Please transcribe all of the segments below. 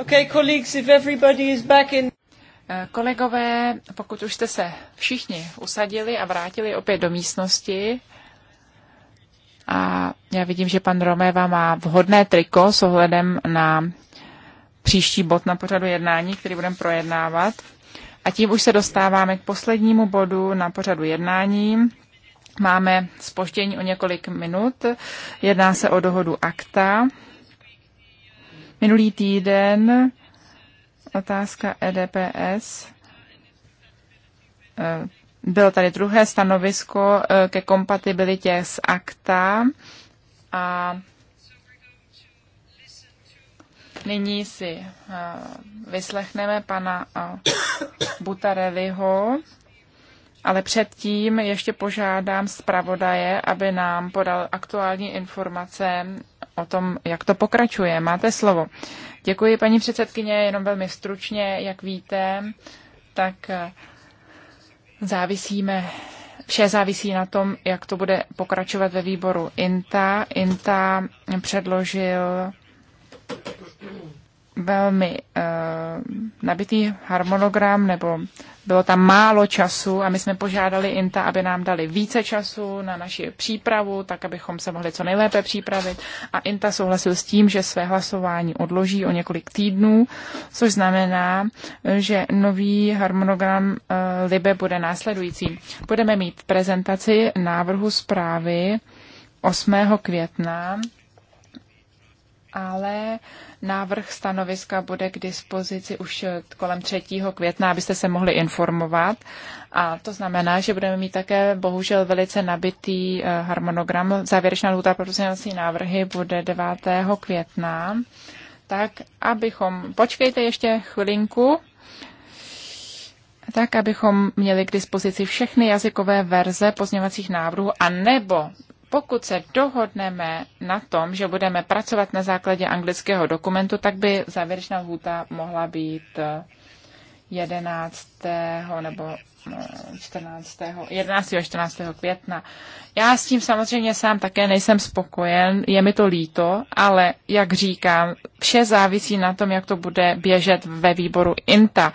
Okay, colleagues, if everybody is back in... Eh, kolegové, pokud už jste se všichni usadili a vrátili opět do místnosti, a já vidím, že pan Romeva má vhodné triko s ohledem na příští bod na pořadu jednání, který budeme projednávat. A tím už se dostáváme k poslednímu bodu na pořadu jednání. Máme spoždění o několik minut. Jedná se o dohodu akta. Minulý týden otázka EDPS. Eh, bylo tady druhé stanovisko eh, ke kompatibilitě s akta a nyní si eh, vyslechneme pana Butareliho, ale předtím ještě požádám zpravodaje, aby nám podal aktuální informace o tom, jak to pokračuje. Máte slovo. Děkuji, paní předsedkyně, jenom velmi stručně, jak víte, tak eh, závisíme Vše závisí na tom, jak to bude pokračovat ve výboru INTA. INTA předložil velmi uh, nabitý harmonogram, nebo bylo tam málo času a my jsme požádali INTA, aby nám dali více času na naši přípravu, tak abychom se mohli co nejlépe připravit. A INTA souhlasil s tím, že své hlasování odloží o několik týdnů, což znamená, že nový harmonogram uh, LIBE bude následující. Budeme mít prezentaci návrhu zprávy 8. května ale návrh stanoviska bude k dispozici už kolem 3. května, abyste se mohli informovat. A to znamená, že budeme mít také bohužel velice nabitý eh, harmonogram. Závěrečná lhůta pro pozměňovací návrhy bude 9. května. Tak, abychom... Počkejte ještě chvilinku tak, abychom měli k dispozici všechny jazykové verze pozměňovacích návrhů a nebo pokud se dohodneme na tom, že budeme pracovat na základě anglického dokumentu, tak by závěrečná lhůta mohla být 11. Eh, nebo 14. 11. a 14. května. Já s tím samozřejmě sám také nejsem spokojen, je mi to líto, ale jak říkám, vše závisí na tom, jak to bude běžet ve výboru INTA.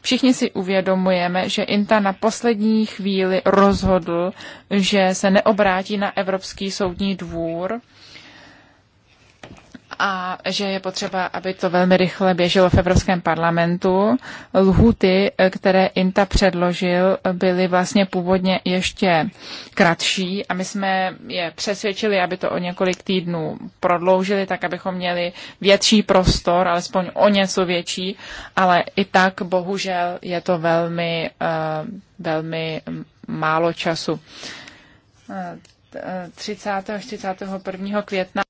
Všichni si uvědomujeme, že INTA na poslední chvíli rozhodl, že se neobrátí na Evropský soudní dvůr, a že je potřeba, aby to velmi rychle běželo v Evropském parlamentu. Lhuty, které INTA předložil, byly vlastně původně ještě kratší a my jsme je přesvědčili, aby to o několik týdnů prodloužili, tak abychom měli větší prostor, alespoň o něco větší, ale i tak bohužel je to velmi, eh, velmi málo času. 30. Eh, eh, až 31. května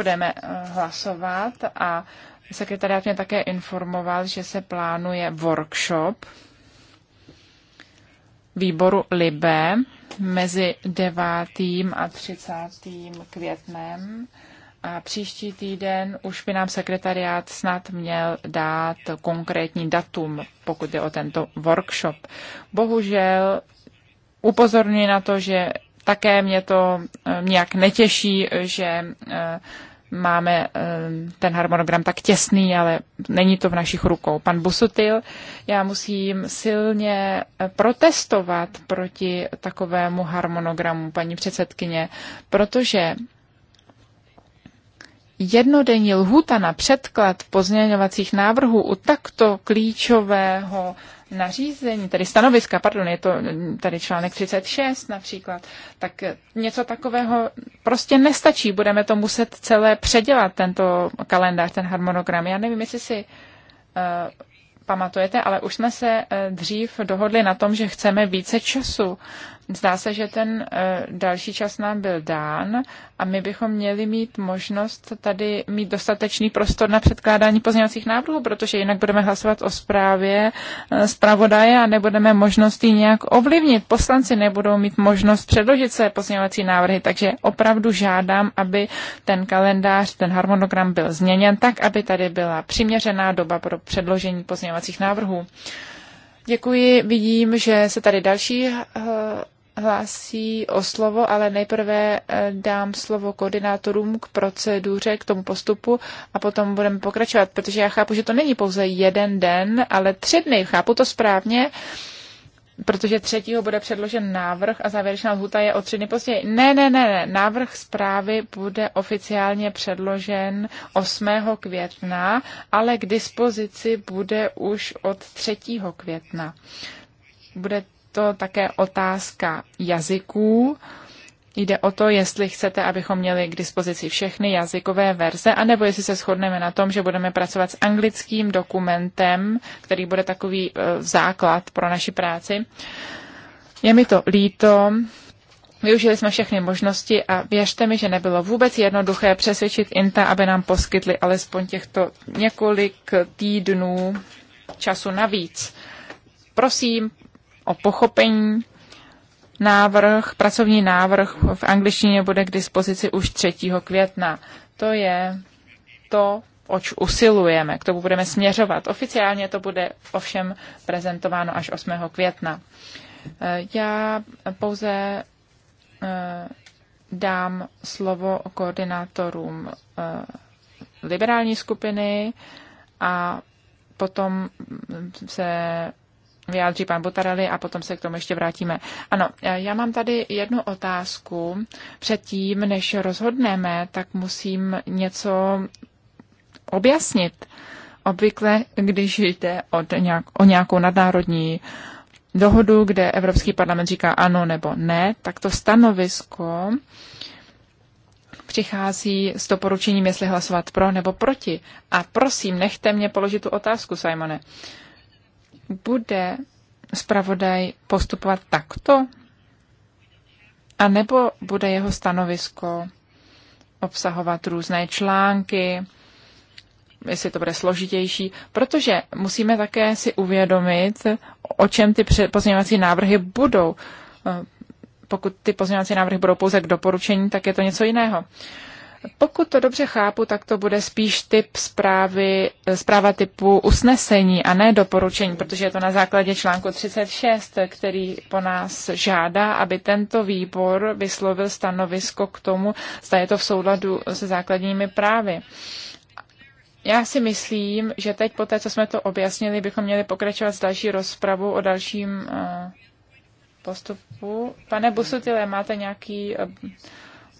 budeme eh, hlasovat a sekretariát mě také informoval, že se plánuje workshop výboru Libe mezi 9. a 30. květnem. A příští týden už by nám sekretariát snad měl dát konkrétní datum, pokud je o tento workshop. Bohužel upozorňuji na to, že také mě to eh, nějak netěší, že eh, máme eh, ten harmonogram tak těsný, ale není to v našich rukou. Pan Busutil, já musím silně eh, protestovat proti takovému harmonogramu, paní předsedkyně, protože jednodenní lhuta na předklad pozměňovacích návrhů u takto klíčového nařízení, tedy stanoviska, pardon, je to tady článek 36 například, tak něco takového prostě nestačí. Budeme to muset celé předělat, tento kalendář, ten harmonogram. Já nevím, jestli si uh, pamatujete, ale už jsme se eh, dřív dohodli na tom, že chceme více času Zdá se, že ten eh, další čas nám byl dán a my bychom měli mít možnost tady mít dostatečný prostor na předkládání pozměňovacích návrhů, protože jinak budeme hlasovat o zprávě eh, zpravodaje a nebudeme možnost ji nějak ovlivnit. Poslanci nebudou mít možnost předložit své pozměňovací návrhy, takže opravdu žádám, aby ten kalendář, ten harmonogram byl změněn tak, aby tady byla přiměřená doba pro předložení pozměňovacích návrhů. Děkuji. Vidím, že se tady další eh, hlásí o slovo, ale nejprve eh, dám slovo koordinátorům k proceduře, k tomu postupu a potom budeme pokračovat, protože já chápu, že to není pouze jeden den, ale tři dny. Chápu to správně, protože třetího bude předložen návrh a závěrečná lhuta je o tři dny později. Ne, ne, ne, ne. Návrh zprávy bude oficiálně předložen 8. května, ale k dispozici bude už od 3. května. Bude to také otázka jazyků. Jde o to, jestli chcete, abychom měli k dispozici všechny jazykové verze, anebo jestli se shodneme na tom, že budeme pracovat s anglickým dokumentem, který bude takový e, základ pro naši práci. Je mi to líto, Využili jsme všechny možnosti a věřte mi, že nebylo vůbec jednoduché přesvědčit INTA, aby nám poskytli alespoň těchto několik týdnů času navíc. Prosím, o pochopení. Návrh, pracovní návrh v angličtině bude k dispozici už 3. května. To je to, oč usilujeme, k tomu budeme směřovat. Oficiálně to bude ovšem prezentováno až 8. května. Eh, já pouze eh, dám slovo koordinátorům eh, liberální skupiny a potom se vyjádří pan Botarelli a potom se k tomu ještě vrátíme. Ano, e, já mám tady jednu otázku. Předtím, než rozhodneme, tak musím něco objasnit. Obvykle, když jde od nějak, o nějakou nadnárodní dohodu, kde Evropský parlament říká ano nebo ne, tak to stanovisko přichází s doporučením, jestli hlasovat pro nebo proti. A prosím, nechte mě položit tu otázku, Simone. Uh, bude zpravodaj postupovat takto? A nebo bude jeho stanovisko obsahovat různé články, jestli to bude složitější, protože musíme také si uvědomit, o čem ty pozměňovací návrhy budou. Pokud ty pozměňovací návrhy budou pouze k doporučení, tak je to něco jiného. Pokud to dobře chápu, tak to bude spíš typ zprávy, zpráva typu usnesení a ne doporučení, protože je to na základě článku 36, který po nás žádá, aby tento výbor vyslovil stanovisko k tomu, zda je to v souladu se základními právy. Já si myslím, že teď po té, co jsme to objasnili, bychom měli pokračovat s další rozpravou o dalším eh, postupu. Pane Busutile, máte nějaký eh,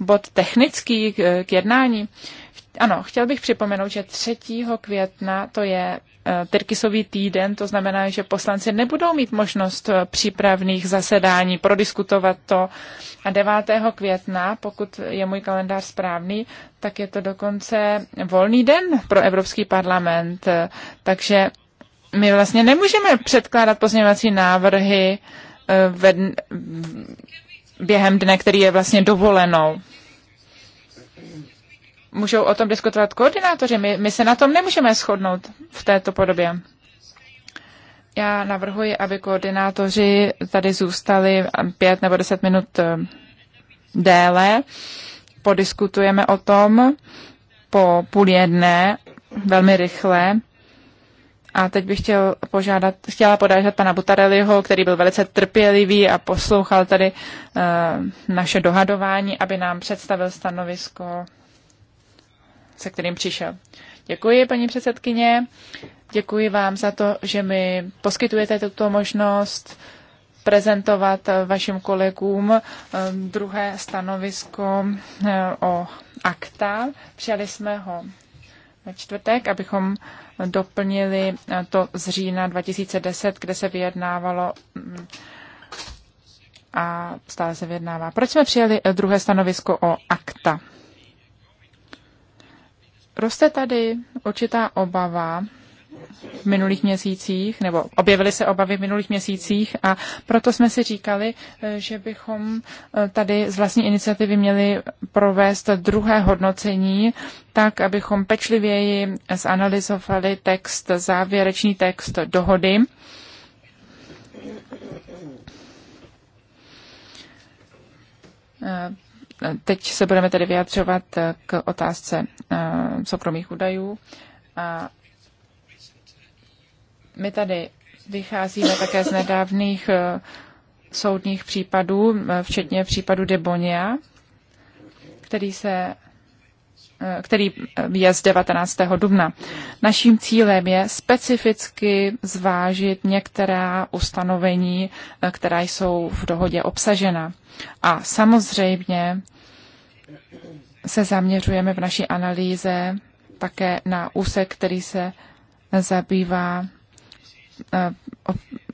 bod technický k, k jednání. Ano, chtěl bych připomenout, že 3. května to je e, Tyrkisový týden, to znamená, že poslanci nebudou mít možnost e, přípravných zasedání, prodiskutovat to. A 9. května, pokud je můj kalendář správný, tak je to dokonce volný den pro Evropský parlament. E, takže my vlastně nemůžeme předkládat pozměňovací návrhy ve, během dne, který je vlastně dovolenou můžou o tom diskutovat koordinátoři. My, my se na tom nemůžeme shodnout v této podobě. Já navrhuji, aby koordinátoři tady zůstali pět nebo deset minut eh, déle. Podiskutujeme o tom po půl jedné velmi rychle. A teď bych chtěl požádat, chtěla podážet pana Butareliho, který byl velice trpělivý a poslouchal tady uh, naše dohadování, aby nám představil stanovisko se kterým přišel. Děkuji, paní předsedkyně. Děkuji vám za to, že mi poskytujete tuto možnost prezentovat vašim kolegům eh, druhé stanovisko eh, o akta. Přijali jsme ho ve čtvrtek, abychom doplnili eh, to z října 2010, kde se vyjednávalo mm, a stále se vyjednává. Proč jsme přijali druhé stanovisko o akta? Roste tady určitá obava v minulých měsících, nebo objevily se obavy v minulých měsících a proto jsme si říkali, eh, že bychom eh, tady z vlastní iniciativy měli provést druhé hodnocení, tak abychom pečlivěji zanalizovali text, závěrečný text dohody. Uh, Teď se budeme tedy vyjadřovat k otázce eh, soukromých údajů. A my tady vycházíme také z nedávných eh, soudních případů, eh, včetně případu Debonia, který se Eh, který eh, je z 19. dubna. Naším cílem je specificky zvážit některá ustanovení, eh, která jsou v dohodě obsažena. A samozřejmě se zaměřujeme v naší analýze také na úsek, který se zabývá Eh,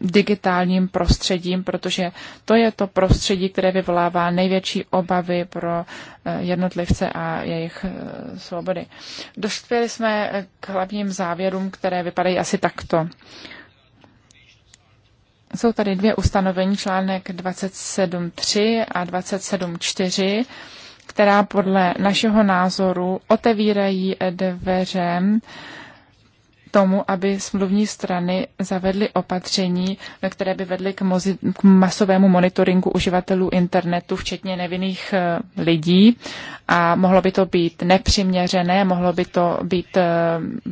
digitálním prostředím, protože to je to prostředí, které vyvolává největší obavy pro eh, jednotlivce a jejich eh, svobody. Dospěli jsme k hlavním závěrům, které vypadají asi takto. Jsou tady dvě ustanovení, článek 27.3 a 27.4, která podle našeho názoru otevírají dveře tomu, aby smluvní strany zavedly opatření, které by vedly k, mozi- k masovému monitoringu uživatelů internetu, včetně nevinných eh, lidí. A mohlo by to být nepřiměřené, mohlo by to být eh,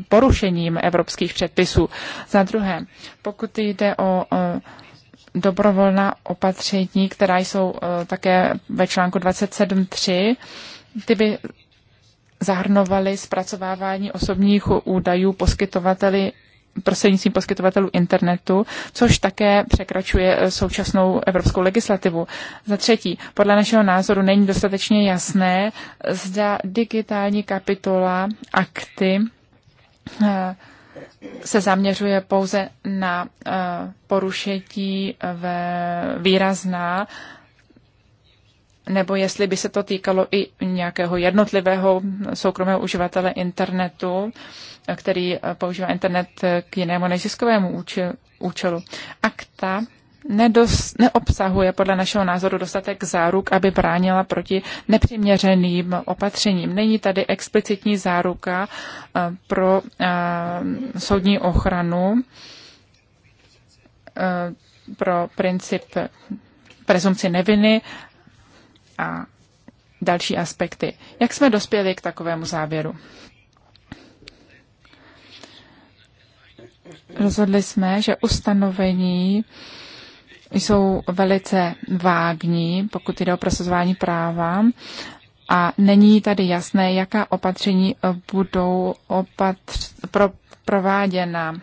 porušením evropských předpisů. Za druhé, pokud jde o eh, dobrovolná opatření, která jsou také ve článku 27.3, ty by zahrnovaly zpracovávání osobních údajů poskytovateli prostřednictvím poskytovatelů internetu, což také překračuje eh, současnou evropskou legislativu. Za třetí, podle našeho názoru není dostatečně jasné, zda digitální kapitola akty eh, se zaměřuje pouze na eh, porušení ve výrazná nebo jestli by se to týkalo i nějakého jednotlivého soukromého uživatele internetu, který používá internet k jinému neziskovému účelu. Akta nedos, neobsahuje podle našeho názoru dostatek záruk, aby bránila proti nepřiměřeným opatřením. Není tady explicitní záruka eh, pro eh, soudní ochranu eh, pro princip prezumci neviny a další aspekty. Jak jsme dospěli k takovému závěru? Rozhodli jsme, že ustanovení jsou velice vágní, pokud jde o prosazování práva a není tady jasné, jaká opatření budou opatř- pro- prováděna.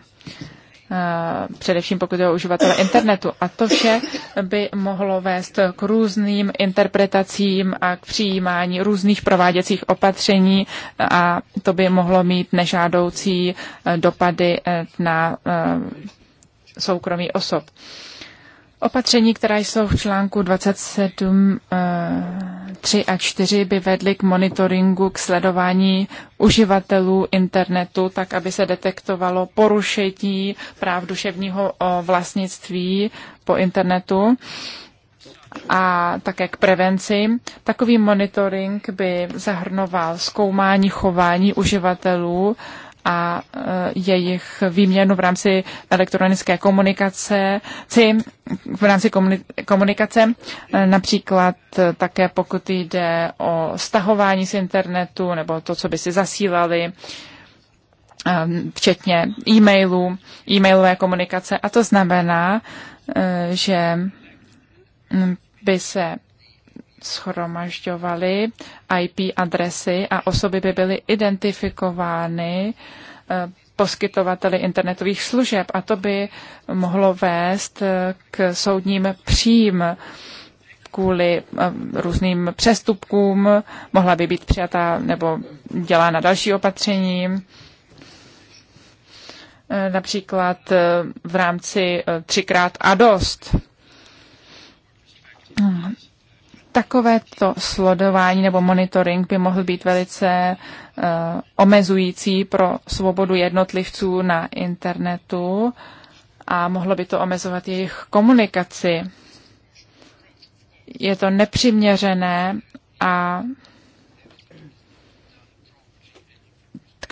Eh, především pokud je o uživatele internetu. A to vše by mohlo vést k různým interpretacím a k přijímání různých prováděcích opatření a to by mohlo mít nežádoucí eh, dopady eh, na soukromí osob. Opatření, která jsou v článku 27, 3 eh, a 4, by vedly k monitoringu, k sledování uživatelů internetu, tak aby se detektovalo porušení práv duševního eh, vlastnictví po internetu a také k prevenci. Takový monitoring by zahrnoval zkoumání chování uživatelů a eh, jejich výměnu v rámci elektronické komunikace, v rámci komunikace, eh, například eh, také pokud jde o stahování z internetu nebo to, co by si zasílali, včetně e-mailů, e-mailové komunikace. A to znamená, že hm, by se schromažďovaly IP adresy a osoby by byly identifikovány eh, poskytovateli internetových služeb a to by mohlo vést eh, k soudním přím kvůli eh, různým přestupkům, mohla by být přijata nebo dělána další opatření, například v rámci třikrát a dost takovéto sledování nebo monitoring by mohl být velice uh, omezující pro svobodu jednotlivců na internetu a mohlo by to omezovat jejich komunikaci. Je to nepřiměřené a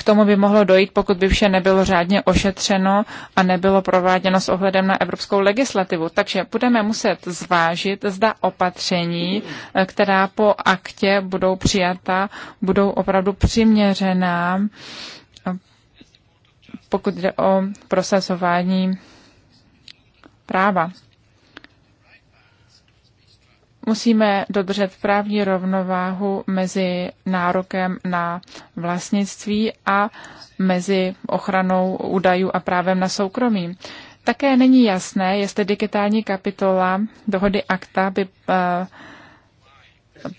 K tomu by mohlo dojít, pokud by vše nebylo řádně ošetřeno a nebylo prováděno s ohledem na evropskou legislativu. Takže budeme muset zvážit, zda opatření, eh, která po aktě budou přijata, budou opravdu přiměřená, eh, pokud jde o prosazování práva. Musíme dodržet právní rovnováhu mezi nárokem na vlastnictví a mezi ochranou údajů a právem na soukromí. Také není jasné, jestli digitální kapitola dohody akta by eh,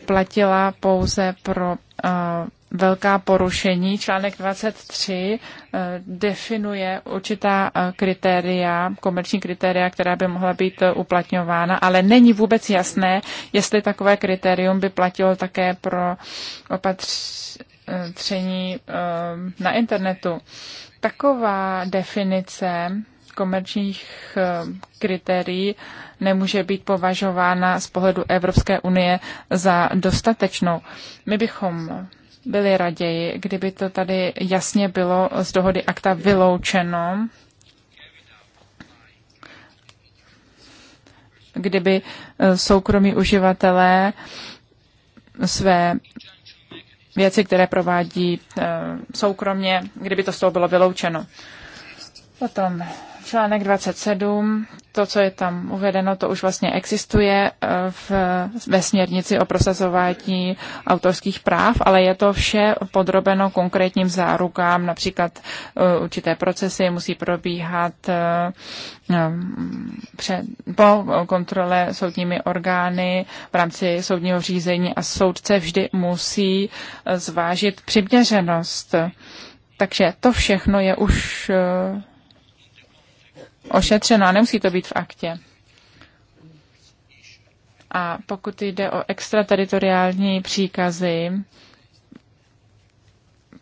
platila pouze pro eh, velká porušení. Článek 23 eh, definuje určitá eh, kritéria, komerční kritéria, která by mohla být eh, uplatňována, ale není vůbec jasné, jestli takové kritérium by platilo také pro opatření na internetu. Taková definice komerčních kritérií nemůže být považována z pohledu Evropské unie za dostatečnou. My bychom byli raději, kdyby to tady jasně bylo z dohody akta vyloučeno, kdyby eh, soukromí uživatelé své věci, které provádí eh, soukromně, kdyby to z toho bylo vyloučeno. Potom článek 27, to, co je tam uvedeno, to už vlastně existuje eh, v, ve směrnici o prosazování autorských práv, ale je to vše podrobeno konkrétním zárukám, například eh, určité procesy musí probíhat eh, před, po kontrole soudními orgány v rámci soudního řízení a soudce vždy musí zvážit přiměřenost. Takže to všechno je už ošetřeno a nemusí to být v aktě. A pokud jde o extrateritoriální příkazy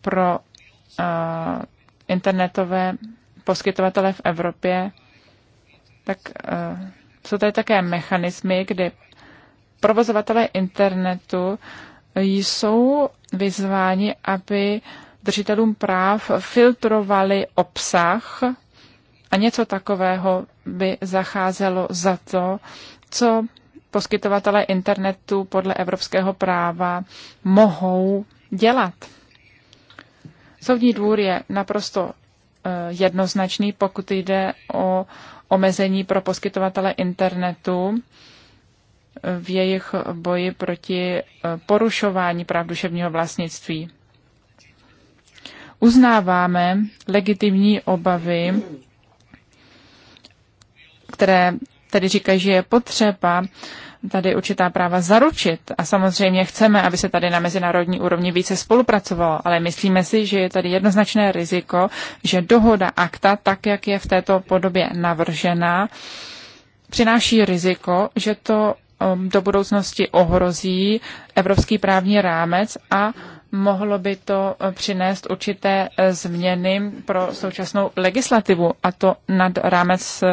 pro uh, internetové poskytovatele v Evropě, tak uh, jsou tady také mechanismy, kdy provozovatelé internetu jsou vyzváni, aby držitelům práv filtrovali obsah a něco takového by zacházelo za to, co poskytovatelé internetu podle evropského práva mohou dělat. Soudní dvůr je naprosto e, jednoznačný, pokud jde o omezení pro poskytovatele internetu e, v jejich boji proti e, porušování práv duševního vlastnictví. Uznáváme legitimní obavy které tedy říkají, že je potřeba tady určitá práva zaručit. A samozřejmě chceme, aby se tady na mezinárodní úrovni více spolupracovalo, ale myslíme si, že je tady jednoznačné riziko, že dohoda akta, tak jak je v této podobě navržená, přináší riziko, že to um, do budoucnosti ohrozí evropský právní rámec a mohlo by to uh, přinést určité uh, změny pro současnou legislativu, a to nad rámec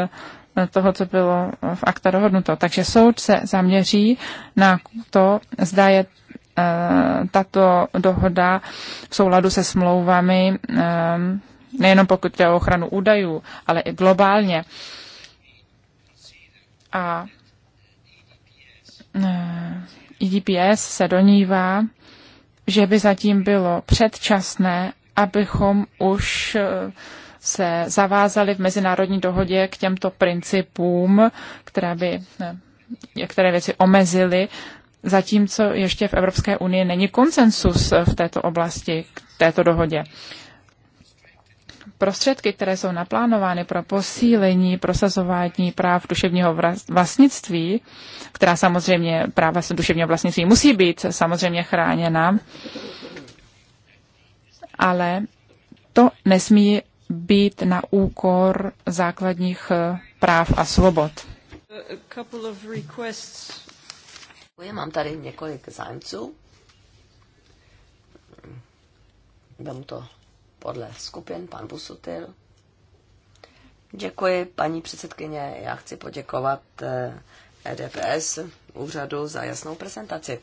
toho, co bylo v akta dohodnuto. Takže soud se zaměří na to, zda je eh, tato dohoda v souladu se smlouvami, eh, nejenom pokud jde o ochranu údajů, ale i globálně. A IDPS eh, e se donívá, že by zatím bylo předčasné, abychom už uh, se zavázali v mezinárodní dohodě k těmto principům, které by některé věci omezily, zatímco ještě v Evropské unii není konsensus v této oblasti, k této dohodě. Prostředky, které jsou naplánovány pro posílení prosazování práv duševního vlastnictví, která samozřejmě práva duševního vlastnictví musí být samozřejmě chráněna, ale to nesmí být na úkor základních eh, práv a svobod. Já mám tady několik zájemců. Vem to podle skupin, pan Busutil. Děkuji, paní předsedkyně. Já chci poděkovat EDPS eh, e úřadu za jasnou prezentaci.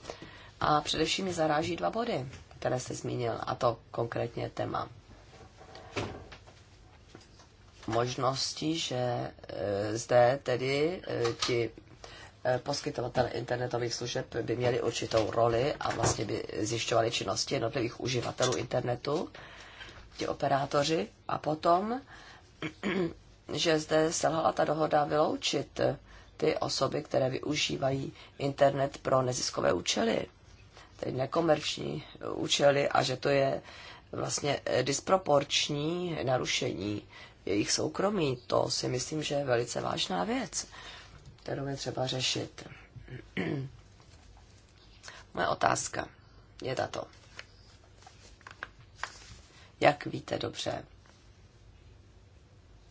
A především mi zaráží dva body, které jste zmínil, a to konkrétně téma možností, že eh, zde tedy eh, ti eh, poskytovatelé internetových služeb by měli určitou roli a vlastně by zjišťovali činnosti jednotlivých uživatelů internetu, ti operátoři, a potom, že zde selhala ta dohoda vyloučit ty osoby, které využívají internet pro neziskové účely, tedy nekomerční účely, a že to je vlastně disproporční narušení jejich soukromí. To si myslím, že je velice vážná věc, kterou je třeba řešit. Moje otázka je tato. Jak víte dobře,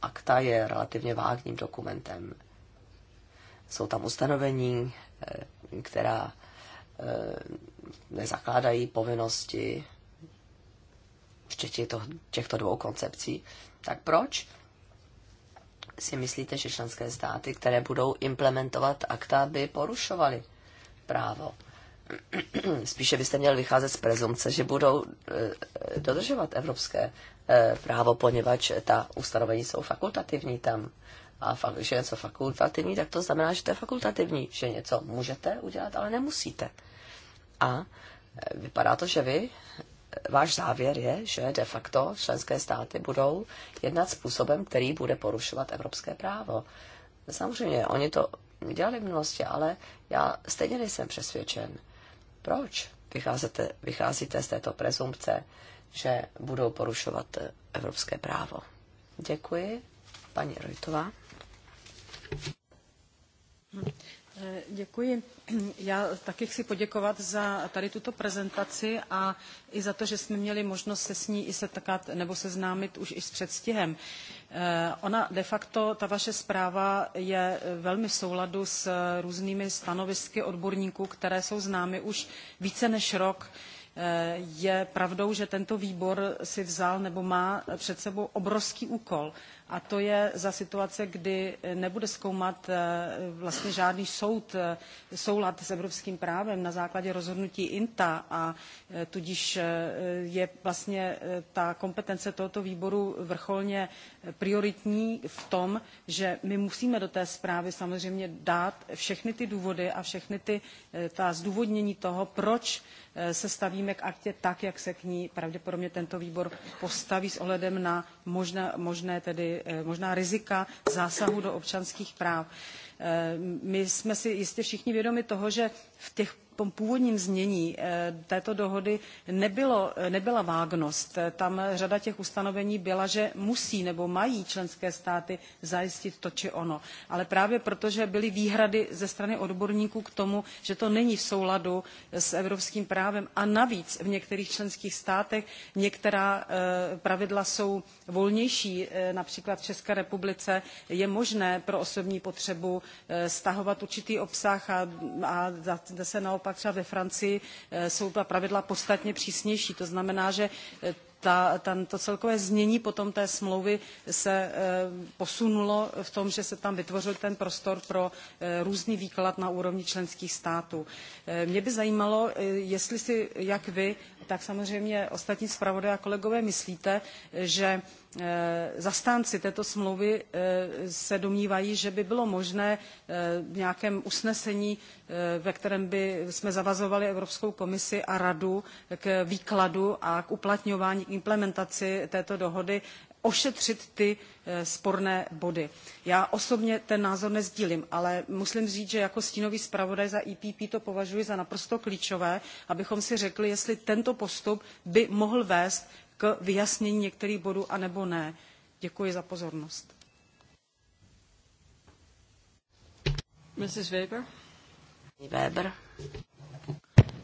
akta je relativně vágním dokumentem. Jsou tam ustanovení, eh, která eh, nezakládají povinnosti ještě těchto, těchto dvou koncepcí. Tak proč si myslíte, že členské státy, které budou implementovat akta, by porušovaly právo? Spíše byste měl vycházet z prezumce, že budou e, dodržovat evropské e, právo, poněvadž ta ustanovení jsou fakultativní tam. A fakt, že něco fakultativní, tak to znamená, že to je fakultativní, že něco můžete udělat, ale nemusíte. A e, vypadá to, že vy váš závěr je, že de facto členské státy budou jednat způsobem, který bude porušovat evropské právo. Samozřejmě, oni to dělali v minulosti, ale já stejně nejsem přesvědčen. Proč vycházíte, vycházíte z této prezumpce, že budou porušovat evropské právo? Děkuji. Paní Rojtová. Eh, děkuji. Já taky chci poděkovat za tady tuto prezentaci a i za to, že jsme měli možnost se s ní i setkat nebo seznámit už i s předstihem. Eh, ona de facto, ta vaše zpráva je velmi v souladu s různými stanovisky odborníků, které jsou známy už více než rok. Eh, je pravdou, že tento výbor si vzal nebo má před sebou obrovský úkol a to je za situace, kdy nebude zkoumat eh, vlastně žádný soud eh, soulad s evropským právem na základě rozhodnutí INTA a tudíž je vlastně ta kompetence tohoto výboru vrcholně prioritní v tom, že my musíme do té zprávy samozřejmě dát všechny ty důvody a všechny ty, ta zdůvodnění toho, proč Eh, se stavíme k aktě tak, jak se k ní pravděpodobně tento výbor postaví s ohledem na možné, možné tedy, eh, možná rizika zásahu do občanských práv. Eh, my jsme si jistě všichni vědomi toho, že v těch tom původním znění eh, této dohody nebylo, eh, nebyla vágnost. Tam řada těch ustanovení byla, že musí nebo mají členské státy zajistit to či ono. Ale právě proto, že byly výhrady ze strany odborníků k tomu, že to není v souladu s evropským právem a navíc v některých členských státech některá eh, pravidla jsou volnější, například v České republice je možné pro osobní potřebu stahovat určitý obsah a, a zase naopak naopak třeba ve Francii eh, jsou ta pravidla podstatně přísnější. To znamená, že eh, ta, ten, to celkové znění potom té smlouvy se e, posunulo v tom, že se tam vytvořil ten prostor pro e, různý výklad na úrovni členských států. E, mě by zajímalo, jestli si jak vy, tak samozřejmě ostatní zpravodaj a kolegové myslíte, že Eh, zastánci této smlouvy eh, se domnívají, že by bylo možné eh, v nějakém usnesení, ve kterém by jsme zavazovali Evropskou komisi a radu k výkladu a k uplatňování, k implementaci této dohody ošetřit ty sporné body. Já osobně ten názor nezdílím, ale musím říct, že jako stínový zpravodaj za EPP to považuji za naprosto klíčové, abychom si řekli, jestli tento postup by mohl vést k vyjasnění některých bodů, anebo ne. Děkuji za pozornost. Mrs. Weber. Weber.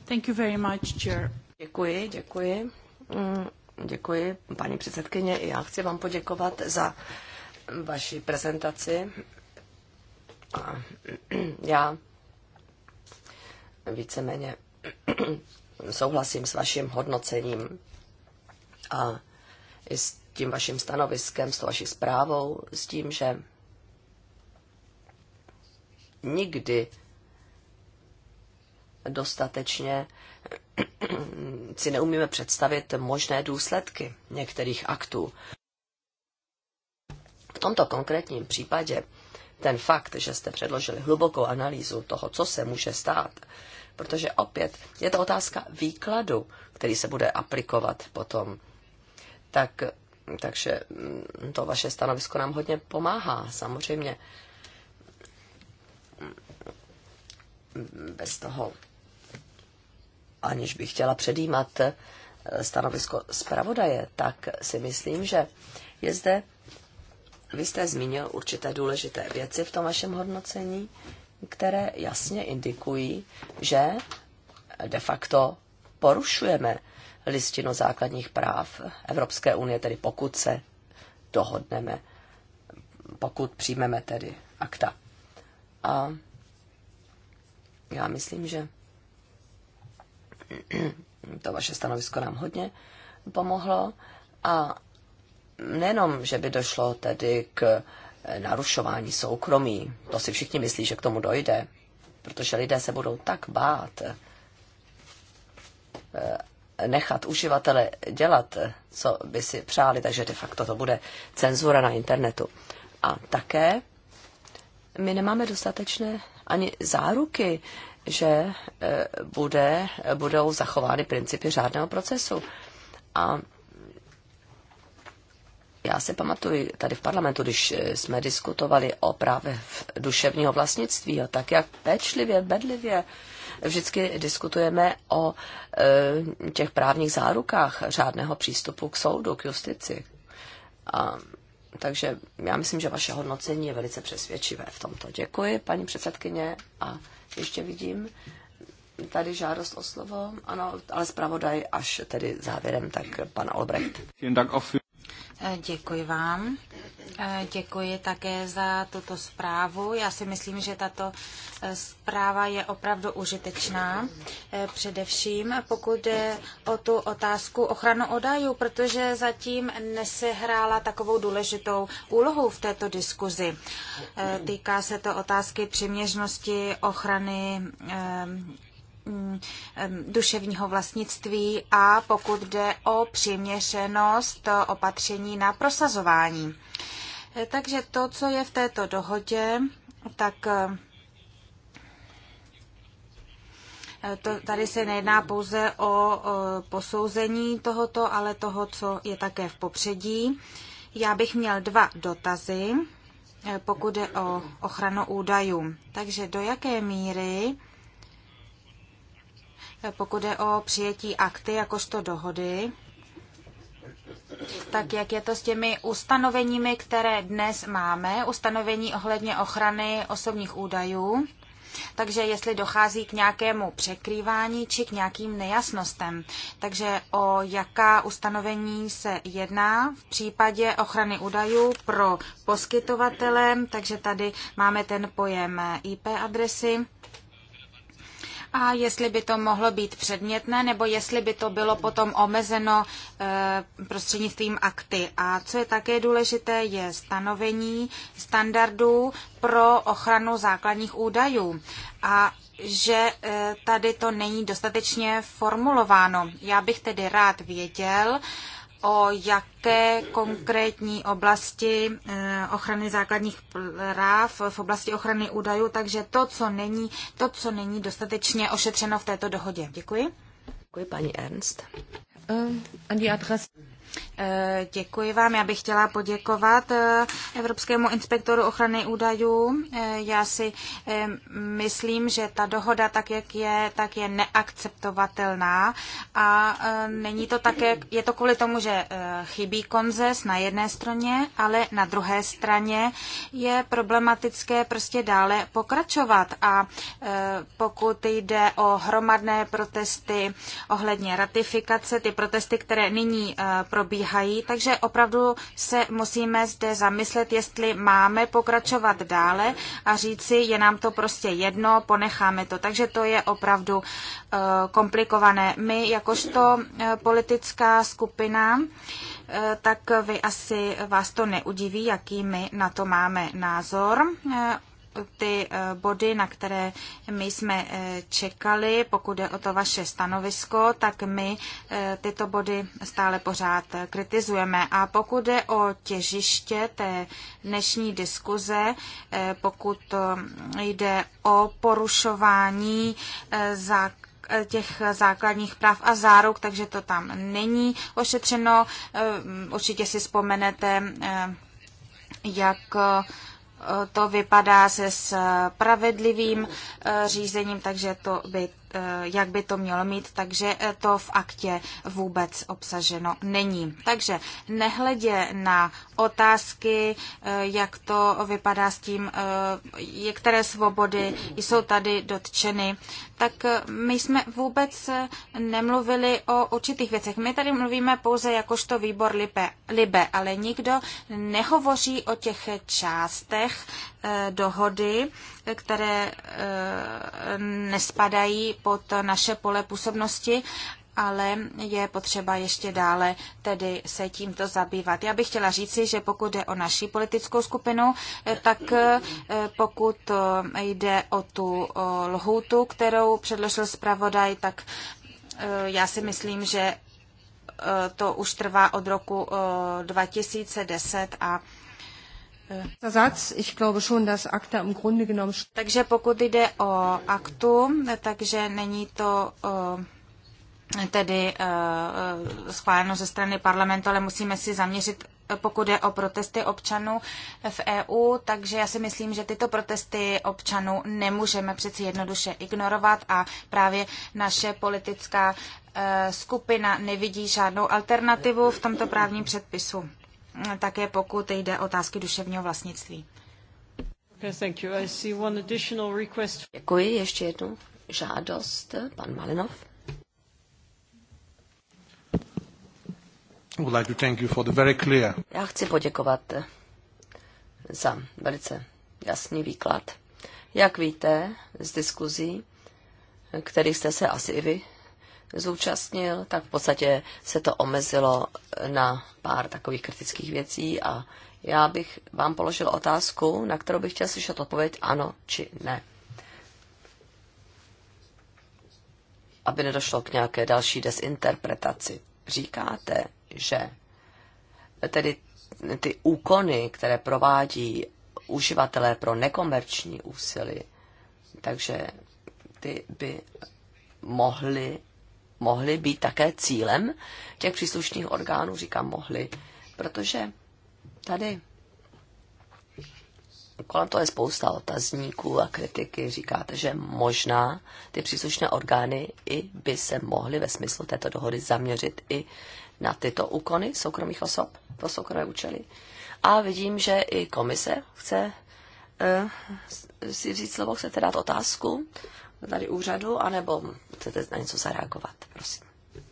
Thank you very much, Chair. Děkuji, děkuji. Mm, děkuji, paní předsedkyně. I já chci vám poděkovat za vaši prezentaci. A já víceméně souhlasím s vaším hodnocením a i s tím vaším stanoviskem, s tou vaší zprávou, s tím, že nikdy dostatečně si neumíme představit možné důsledky některých aktů. V tomto konkrétním případě ten fakt, že jste předložili hlubokou analýzu toho, co se může stát, protože opět je to otázka výkladu, který se bude aplikovat potom tak, takže mm, to vaše stanovisko nám hodně pomáhá, samozřejmě. Bez toho, aniž bych chtěla předjímat eh, stanovisko zpravodaje, tak si myslím, že je zde, vy jste zmínil určité důležité věci v tom vašem hodnocení, které jasně indikují, že de facto porušujeme listinu základních práv Evropské unie, tedy pokud se dohodneme, pokud přijmeme tedy akta. A já myslím, že to vaše stanovisko nám hodně pomohlo a nejenom, že by došlo tedy k narušování soukromí, to si všichni myslí, že k tomu dojde, protože lidé se budou tak bát eh, nechat uživatele dělat, co by si přáli, takže de facto to bude cenzura na internetu. A také my nemáme dostatečné ani záruky, že e, bude, budou zachovány principy řádného procesu. A já si pamatuju tady v parlamentu, když e, jsme diskutovali o právě duševního vlastnictví a tak, jak pečlivě, bedlivě vždycky diskutujeme o e, těch právních zárukách řádného přístupu k soudu, k justici. A, takže já myslím, že vaše hodnocení je velice přesvědčivé v tomto. Děkuji, paní předsedkyně. A ještě vidím tady žádost o slovo. Ano, ale zpravodaj až tedy závěrem, tak pan Albrecht. Eh, děkuji vám Děkuji také za tuto zprávu. Já si myslím, že tato eh, zpráva je opravdu užitečná, eh, především pokud jde o tu otázku ochranu odajů, protože zatím nesehrála takovou důležitou úlohu v této diskuzi. Eh, týká se to otázky přiměřnosti ochrany ehm, mm, ehm, duševního vlastnictví a pokud jde o přiměřenost opatření na prosazování. Eh, takže to, co je v této dohodě, tak eh, eh, to, tady se nejedná pouze o, o posouzení tohoto, ale toho, co je také v popředí. Já bych měl dva dotazy, pokud je o ochranu údajů. Takže do jaké míry, pokud je o přijetí akty jakožto dohody, tak jak je to s těmi ustanoveními, které dnes máme, ustanovení ohledně ochrany osobních údajů. Takže jestli dochází k nějakému překrývání či k nějakým nejasnostem. Takže o jaká ustanovení se jedná v případě ochrany údajů pro poskytovatele. Takže tady máme ten pojem IP adresy a jestli by to mohlo být předmětné, nebo jestli by to bylo potom omezeno eh, prostřednictvím akty. A co je také důležité, je stanovení standardů pro ochranu základních údajů. A že eh, tady to není dostatečně formulováno. Já bych tedy rád věděl, o jaké konkrétní oblasti eh, ochrany základních práv v oblasti ochrany údajů, takže to, co není, to, co není dostatečně ošetřeno v této dohodě. Děkuji. Děkuji, paní Ernst. Um, Eh, děkuji vám. Já bych chtěla poděkovat eh, Evropskému inspektoru ochrany údajů. Eh, já si myslím, že ta dohoda, tak jak je, tak je neakceptovatelná a není to také, je to kvůli tomu, že chybí konzes na jedné straně, ale na druhé straně je problematické prostě dále pokračovat a pokud jde o hromadné protesty ohledně ratifikace, ty protesty, které nyní probíhají, probíhají, takže opravdu se musíme zde zamyslet, jestli máme pokračovat dále a říci, je nám to prostě jedno, ponecháme to. Takže to je opravdu eh, komplikované. My jakožto eh, politická skupina, eh, tak vy asi vás to neudiví, jaký my na to máme názor ty eh, body, na které my jsme eh, čekali, pokud je o to vaše stanovisko, tak my eh, tyto body stále pořád kritizujeme. A pokud je o těžiště té dnešní diskuze, pokud jde o porušování základů, těch základních práv a záruk, takže to tam není ošetřeno. Určitě si vzpomenete, jak to vypadá se spravedlivým eh, řízením, takže to by Eh, jak by to mělo mít, takže eh, to v aktě vůbec obsaženo není. Takže nehledě na otázky, eh, jak to vypadá s tím, které svobody jsou tady dotčeny, tak my jsme vůbec nemluvili o určitých věcech. My tady mluvíme pouze jakožto výbor libe, libe ale nikdo nehovoří o těch částech Eh, dohody, které eh, nespadají pod naše pole působnosti, ale je potřeba ještě dále tedy se tímto zabývat. Já bych chtěla říci, že pokud jde o naší politickou skupinu, eh, tak pokud jde o tu lhůtu, kterou předložil zpravodaj, tak já si myslím, že to už trvá od roku 2010 a takže pokud jde o aktu, takže není to tedy schváleno ze strany parlamentu, ale musíme si zaměřit pokud jde o protesty občanů v EU, takže já si myslím, že tyto protesty občanů nemůžeme přeci jednoduše ignorovat a právě naše politická e, skupina nevidí žádnou alternativu v tomto právním předpisu také pokud jde o otázky duševního vlastnictví. Děkuji, ještě jednu žádost, pan Malinov. Já chci poděkovat za velice jasný výklad. Jak víte z diskuzí, kterých jste se asi i vy zúčastnil, tak v podstatě se to omezilo na pár takových kritických věcí a já bych vám položil otázku, na kterou bych chtěl slyšet odpověď ano či ne. Aby nedošlo k nějaké další desinterpretaci. Říkáte, že tedy ty úkony, které provádí uživatelé pro nekomerční úsilí, takže ty by mohly mohly být také cílem těch příslušných orgánů, říkám mohly, protože tady kolem toho je spousta otazníků a kritiky. Říkáte, že možná ty příslušné orgány i by se mohly ve smyslu této dohody zaměřit i na tyto úkony soukromých osob pro soukromé účely. A vidím, že i komise chce uh, si vzít slovo, chcete dát otázku tady úřadu, anebo chcete na něco zareagovat, prosím.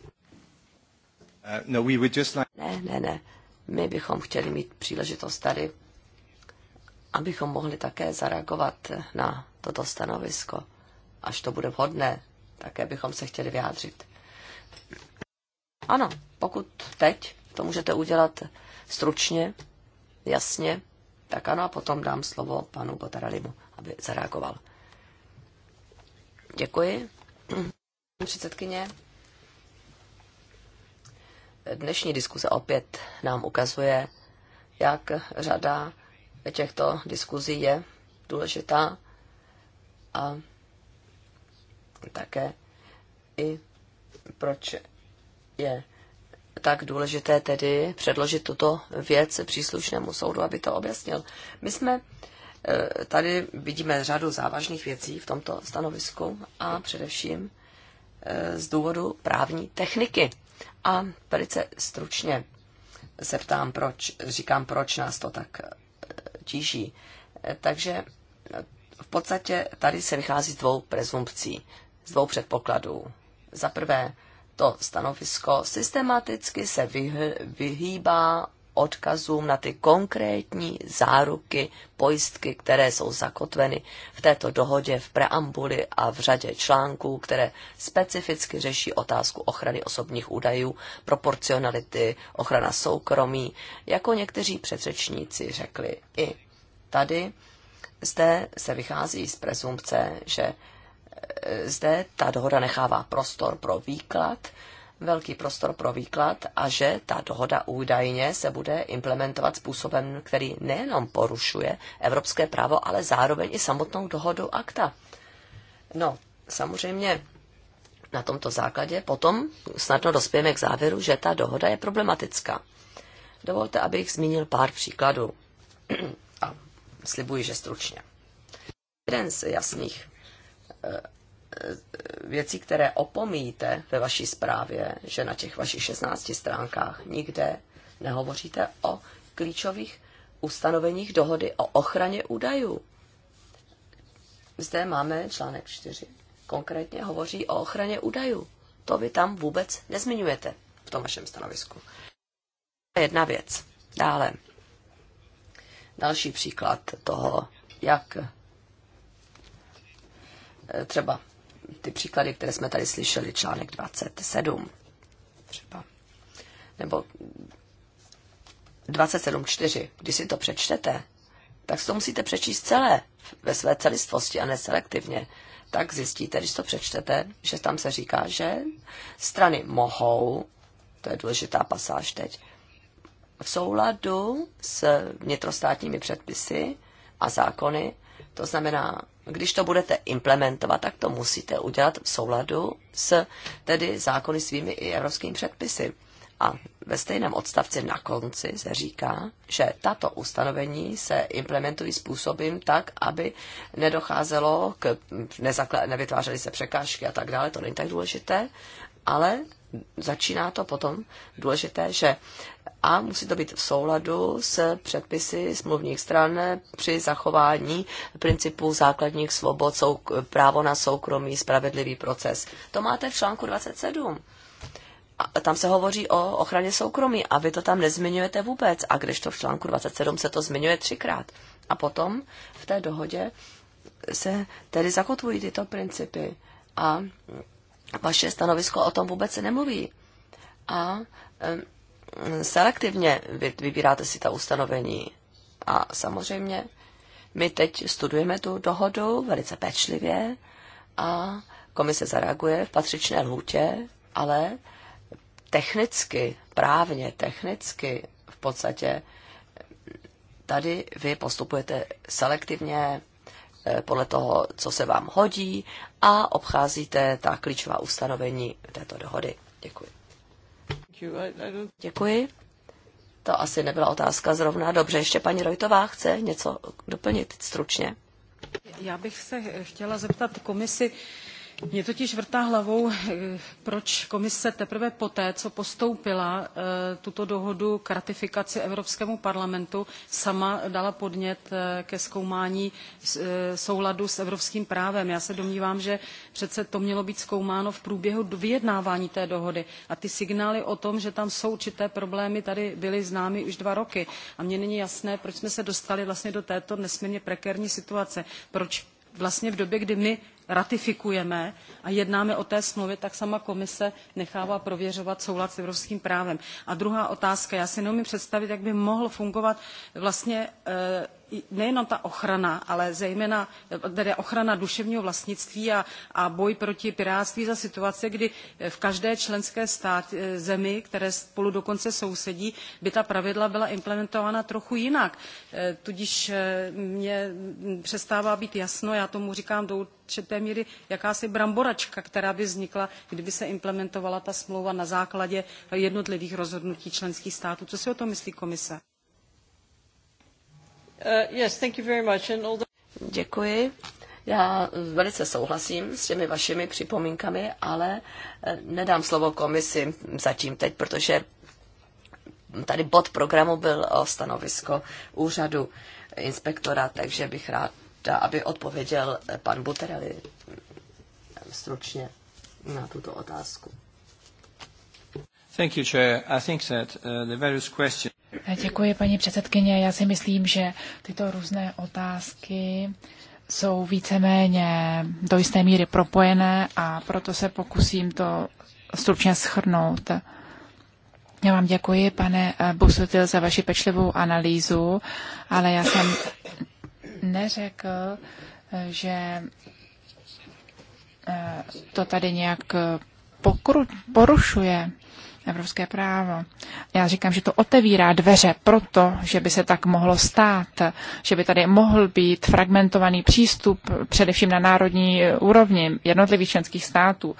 Uh, no, we would just like... Ne, ne, ne. My bychom chtěli mít příležitost tady, abychom mohli také zareagovat na toto stanovisko. Až to bude vhodné, také bychom se chtěli vyjádřit. Ano, pokud teď to můžete udělat stručně, jasně, tak ano, a potom dám slovo panu Botaralimu, aby zareagoval. Děkuji. Předsedkyně. Dnešní diskuze opět nám ukazuje, jak řada těchto diskuzí je důležitá a také i proč je tak důležité tedy předložit tuto věc příslušnému soudu, aby to objasnil. My jsme Eh, tady vidíme řadu závažných věcí v tomto stanovisku a především eh, z důvodu právní techniky. A velice stručně se ptám, proč, říkám, proč nás to tak eh, tíží. Takže v podstatě tady se vychází z dvou prezumpcí, z dvou předpokladů. Za prvé, to stanovisko systematicky se vyhýbá odkazům na ty konkrétní záruky, pojistky, které jsou zakotveny v této dohodě, v preambuli a v řadě článků, které specificky řeší otázku ochrany osobních údajů, proporcionality, ochrana soukromí, jako někteří předřečníci řekli i tady. Zde se vychází z prezumpce, že e, zde ta dohoda nechává prostor pro výklad, velký prostor pro výklad a že ta dohoda údajně se bude implementovat způsobem, který nejenom porušuje evropské právo, ale zároveň i samotnou dohodu akta. No, samozřejmě na tomto základě potom snadno dospějeme k závěru, že ta dohoda je problematická. Dovolte, abych zmínil pár příkladů. a slibuji, že stručně. Jeden z jasných eh, Eh, věcí, které opomíjíte ve vaší zprávě, že na těch vašich 16 stránkách nikde nehovoříte o klíčových ustanoveních dohody o ochraně údajů. Zde máme článek 4. Konkrétně hovoří o ochraně údajů. To vy tam vůbec nezmiňujete v tom vašem stanovisku. Jedna věc. Dále. Další příklad toho, jak eh, třeba ty příklady, které jsme tady slyšeli, článek 27 třeba, nebo 27.4, když si to přečtete, tak si to musíte přečíst celé, ve své celistvosti a ne selektivně. Tak zjistíte, když to přečtete, že tam se říká, že strany mohou, to je důležitá pasáž teď, v souladu s vnitrostátními předpisy a zákony to znamená, když to budete implementovat, tak to musíte udělat v souladu s tedy zákony svými i evropskými předpisy. A ve stejném odstavci na konci se říká, že tato ustanovení se implementují způsobem tak, aby nedocházelo k, nevytvářely se překážky a tak dále, to není tak důležité, ale začíná to potom důležité, že a musí to být v souladu s předpisy smluvních stran při zachování principů základních svobod, sou, právo na soukromý, spravedlivý proces. To máte v článku 27. A tam se hovoří o ochraně soukromí a vy to tam nezmiňujete vůbec. A když to v článku 27 se to zmiňuje třikrát. A potom v té dohodě se tedy zakotvují tyto principy. A vaše stanovisko o tom vůbec se nemluví. A selektivně vy, vybíráte si ta ustanovení. A samozřejmě my teď studujeme tu dohodu velice pečlivě a komise zareaguje v patřičné lhůtě, ale technicky, právně, technicky v podstatě tady vy postupujete selektivně, Eh, podle toho, co se vám hodí a obcházíte ta klíčová ustanovení této dohody. Děkuji. Děkuji. To asi nebyla otázka zrovna. Dobře, ještě paní Rojtová chce něco doplnit stručně. Já bych se chtěla zeptat komisi, mě totiž vrtá hlavou, eh, proč komise teprve poté, co postoupila eh, tuto dohodu k ratifikaci Evropskému parlamentu, sama dala podnět eh, ke zkoumání souladu s evropským právem. Já se domnívám, že přece to mělo být zkoumáno v průběhu vyjednávání té dohody. A ty signály o tom, že tam jsou určité problémy, tady byly známy už dva roky. A mně není jasné, proč jsme se dostali vlastně do této nesmírně prekérní situace. Proč vlastně v době, kdy my ratifikujeme a jednáme o té smlouvě, tak sama komise nechává prověřovat soulad s evropským právem. A druhá otázka, já si neumím představit, jak by mohl fungovat vlastně eh, nejenom ta ochrana, ale zejména tedy ochrana duševního vlastnictví a, a boj proti pirátství za situace, kdy eh, v každé členské stát, eh, zemi, které spolu dokonce sousedí, by ta pravidla byla implementována trochu jinak. Eh, tudíž mě přestává být jasno, já tomu říkám do určité míry jakási bramboračka, která by vznikla, kdyby se implementovala ta smlouva na základě jednotlivých rozhodnutí členských států. Co si o tom myslí komise? Uh, Děkuji. Já velice souhlasím s těmi vašimi připomínkami, ale eh, nedám slovo komisi zatím teď, protože tady bod programu byl o stanovisko úřadu inspektora, takže bych rád, aby odpověděl eh, pan Buterelli eh, stručně na tuto otázku. Uh, děkuji, paní předsedkyně. Já si myslím, že tyto různé otázky jsou víceméně do jisté míry propojené a proto se pokusím to stručně schrnout. Já vám děkuji, pane eh, Busutil, za vaši pečlivou analýzu, ale já jsem neřekl, eh, že eh, to tady nějak pokru, porušuje evropské právo. Já říkám, že to otevírá dveře proto, že by se tak mohlo stát, že by tady mohl být fragmentovaný přístup především na národní úrovni jednotlivých členských států.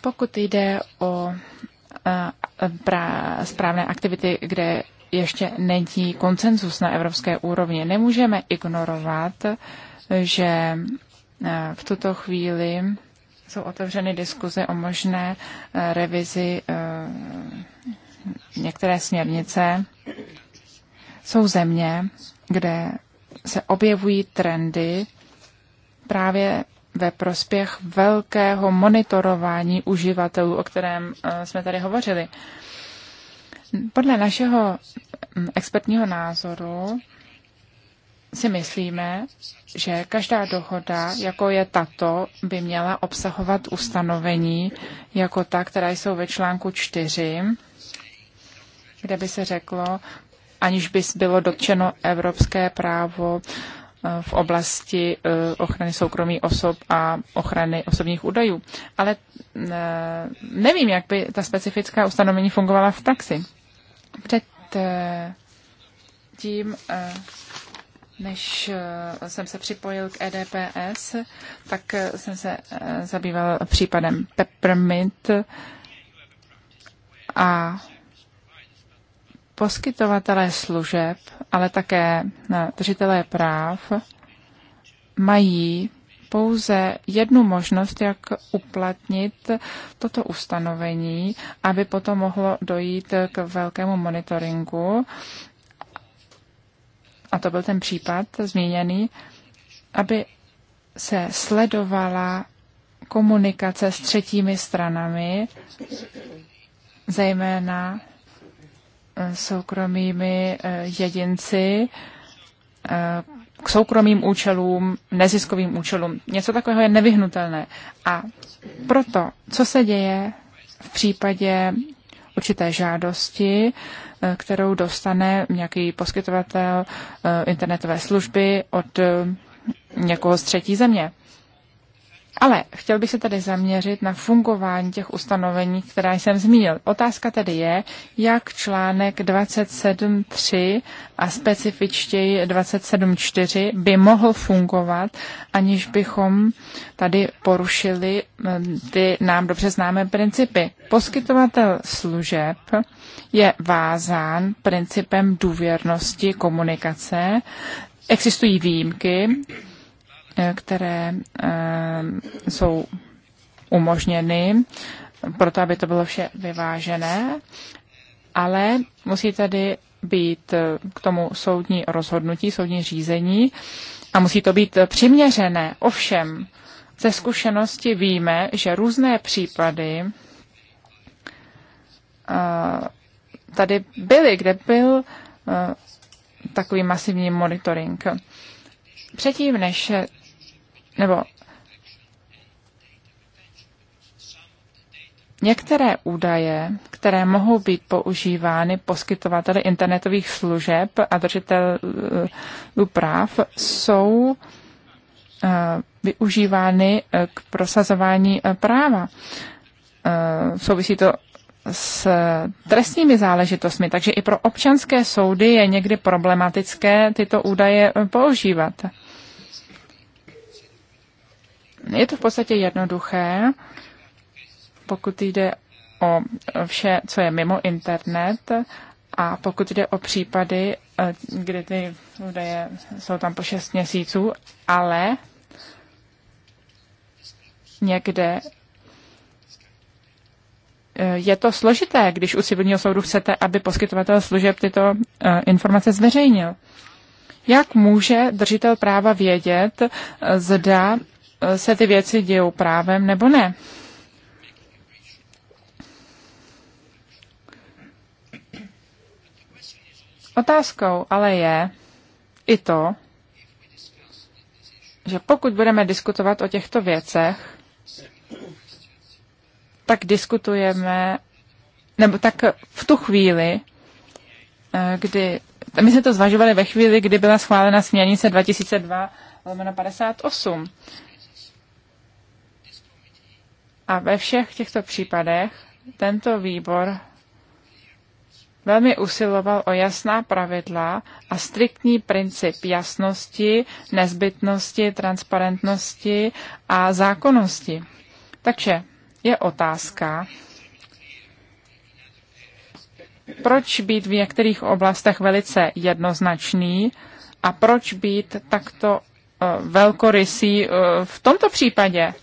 Pokud jde o eh, správné aktivity, kde ještě není koncenzus na evropské úrovni, nemůžeme ignorovat, že eh, v tuto chvíli jsou otevřeny diskuze o možné eh, revizi eh, některé směrnice. Jsou země, kde se objevují trendy právě ve prospěch velkého monitorování uživatelů, o kterém eh, jsme tady hovořili. Podle našeho mm, expertního názoru si myslíme, že každá dohoda, jako je tato, by měla obsahovat ustanovení, jako ta, která jsou ve článku 4, kde by se řeklo, aniž by bylo dotčeno evropské právo eh, v oblasti eh, ochrany soukromí osob a ochrany osobních údajů. Ale eh, nevím, jak by ta specifická ustanovení fungovala v praxi. Před tím než eh, jsem se připojil k EDPS, tak eh, jsem se eh, zabýval případem Peppermint a poskytovatelé služeb, ale také držitelé práv mají pouze jednu možnost, jak uplatnit toto ustanovení, aby potom mohlo dojít k velkému monitoringu a to byl ten případ zmíněný, aby se sledovala komunikace s třetími stranami, zejména eh, soukromými eh, jedinci eh, k soukromým účelům, neziskovým účelům. Něco takového je nevyhnutelné. A proto, co se děje v případě určité žádosti, eh, kterou dostane nějaký poskytovatel eh, internetové služby od eh, někoho z třetí země. Ale chtěl bych se tady zaměřit na fungování těch ustanovení, která jsem zmínil. Otázka tedy je, jak článek 27.3 a specifičtěji 27.4 by mohl fungovat, aniž bychom tady porušili mm, ty nám dobře známé principy. Poskytovatel služeb je vázán principem důvěrnosti komunikace. Existují výjimky, které eh, jsou umožněny, proto aby to bylo vše vyvážené, ale musí tady být eh, k tomu soudní rozhodnutí, soudní řízení a musí to být přiměřené. Ovšem, ze zkušenosti víme, že různé případy eh, tady byly, kde byl takový masivní monitoring. Předtím, než nebo Některé údaje, které mohou být používány poskytovateli internetových služeb a držitelů práv, jsou eh, využívány eh, k prosazování eh, práva. Souvisí to s trestními záležitostmi, takže i pro občanské soudy je někdy problematické tyto údaje používat. Je to v podstatě jednoduché, pokud jde o vše, co je mimo internet a pokud jde o případy, eh, kdy ty údaje jsou tam po 6 měsíců, ale někde eh, je to složité, když u civilního soudu chcete, aby poskytovatel služeb tyto eh, informace zveřejnil. Jak může držitel práva vědět, zda Eh, se ty věci dějou právem nebo ne. Otázkou ale je i to, že pokud budeme diskutovat o těchto věcech, tak diskutujeme, nebo tak v tu chvíli, eh, kdy, my jsme to zvažovali ve chvíli, kdy byla schválena směrnice 2002 58. A ve všech těchto případech tento výbor velmi usiloval o jasná pravidla a striktní princip jasnosti, nezbytnosti, transparentnosti a zákonnosti. Takže je otázka, proč být v některých oblastech velice jednoznačný a proč být takto eh, velkorysý eh, v tomto případě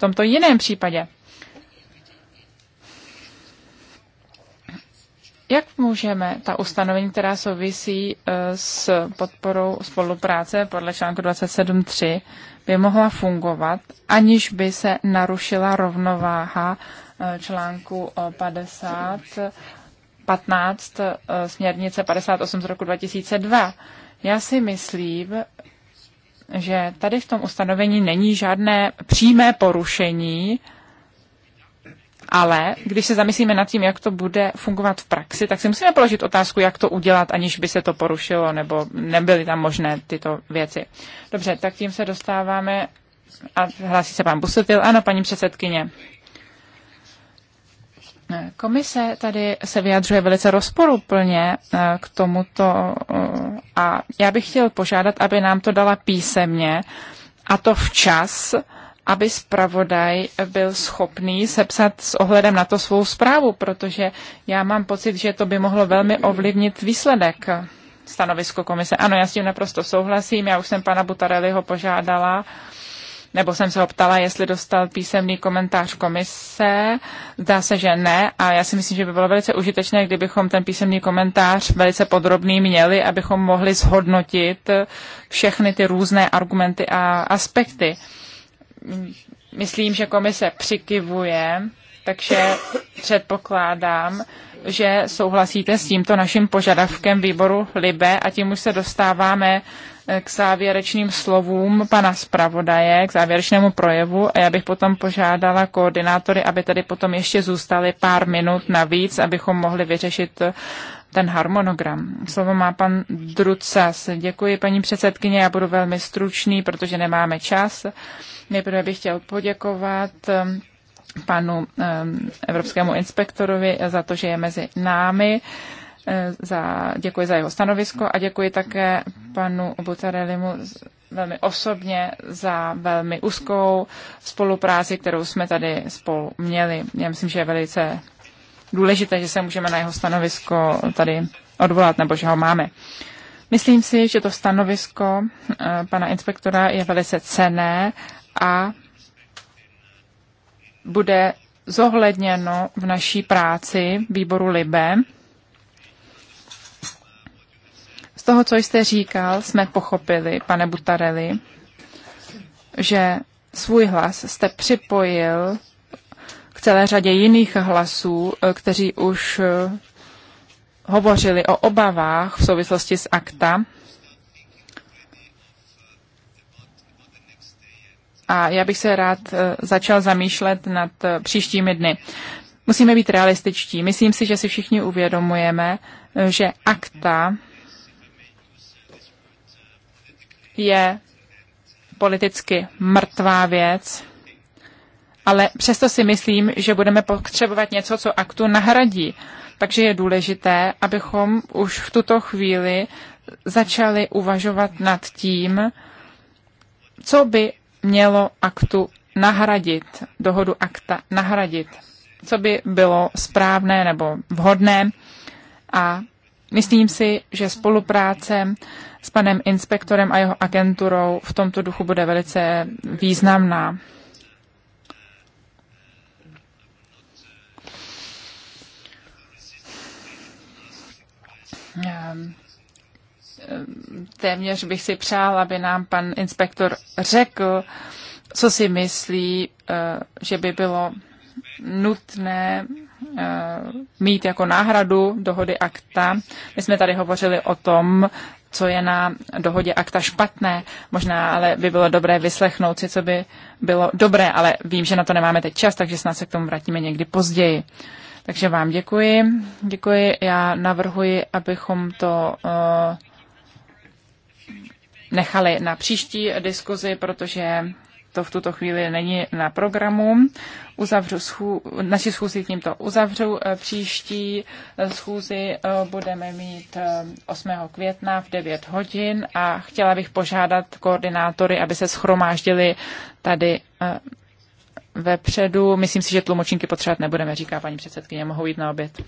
tomto jiném případě. Jak můžeme ta ustanovení, která souvisí eh, s podporou spolupráce podle článku 27.3, by mohla fungovat, aniž by se narušila rovnováha eh, článku 50, 15 eh, směrnice 58 z roku 2002? Já si myslím, že tady v tom ustanovení není žádné přímé porušení, ale když se zamyslíme nad tím, jak to bude fungovat v praxi, tak si musíme položit otázku, jak to udělat, aniž by se to porušilo, nebo nebyly tam možné tyto věci. Dobře, tak tím se dostáváme a hlásí se pan Busetil, Ano, paní předsedkyně. Komise tady se vyjadřuje velice rozporuplně eh, k tomuto eh, a já bych chtěl požádat, aby nám to dala písemně a to včas, aby zpravodaj byl schopný sepsat s ohledem na to svou zprávu, protože já mám pocit, že to by mohlo velmi ovlivnit výsledek stanovisko komise. Ano, já s tím naprosto souhlasím, já už jsem pana Butareliho požádala, uh, nebo jsem se ho ptala, jestli dostal písemný komentář komise. Zdá se, že ne a já si myslím, že by bylo velice užitečné, kdybychom ten písemný komentář velice podrobný měli, abychom mohli zhodnotit všechny ty různé argumenty a aspekty. Myslím, že komise přikivuje, takže předpokládám, že souhlasíte s tímto naším požadavkem výboru Libe a tím už se dostáváme Eh, k závěrečným slovům pana zpravodaje, k závěrečnému projevu a já bych potom požádala koordinátory, aby tady potom ještě zůstali pár minut navíc, abychom mohli vyřešit eh, ten harmonogram. Slovo má pan Drucas. Děkuji, paní předsedkyně, já budu velmi stručný, protože nemáme čas. Nejprve bych chtěl poděkovat eh, panu evropskému inspektorovi za to, že je mezi námi. Eh, za, děkuji za jeho stanovisko a děkuji také panu Butarelimu velmi osobně za velmi úzkou spolupráci, kterou jsme tady spolu měli. Já myslím, že je velice důležité, že se můžeme na jeho stanovisko tady odvolat, nebo že ho máme. Myslím si, že to stanovisko eh, pana inspektora je velice cené a bude zohledněno v naší práci výboru LIBE toho, co jste říkal, jsme pochopili, pane Butareli, že svůj hlas jste připojil k celé řadě jiných hlasů, eh, kteří už eh, hovořili o obavách v souvislosti s akta. A já bych se rád eh, začal zamýšlet nad příštími dny. Musíme být realističtí. Myslím si, že si všichni uvědomujeme, že akta je politicky mrtvá věc, ale přesto si myslím, že budeme potřebovat něco, co aktu nahradí. Takže je důležité, abychom už v tuto chvíli začali uvažovat nad tím, co by mělo aktu nahradit, dohodu akta nahradit, co by bylo správné nebo vhodné a Myslím si, že spolupráce s panem inspektorem a jeho agenturou v tomto duchu bude velice významná. Ehm, téměř bych si přál, aby nám pan inspektor řekl, co si myslí, eh, že by bylo nutné Eh, mít jako náhradu dohody akta. My jsme tady hovořili o tom, co je na dohodě akta špatné. Možná ale by bylo dobré vyslechnout si, co by bylo dobré, ale vím, že na to nemáme teď čas, takže snad se k tomu vrátíme někdy později. Takže vám děkuji. Děkuji. Já navrhuji, abychom to uh, nechali na příští diskuzi, protože to v tuto chvíli není na programu. Uzavřu schů, naši schůzi tímto uzavřu. E, Příští e, schůzi e, budeme mít 8. května v 9 hodin a chtěla bych požádat koordinátory, aby se schromáždili tady vepředu. Myslím si, že tlumočníky potřebovat nebudeme, říká paní předsedkyně, mohou jít na oběd.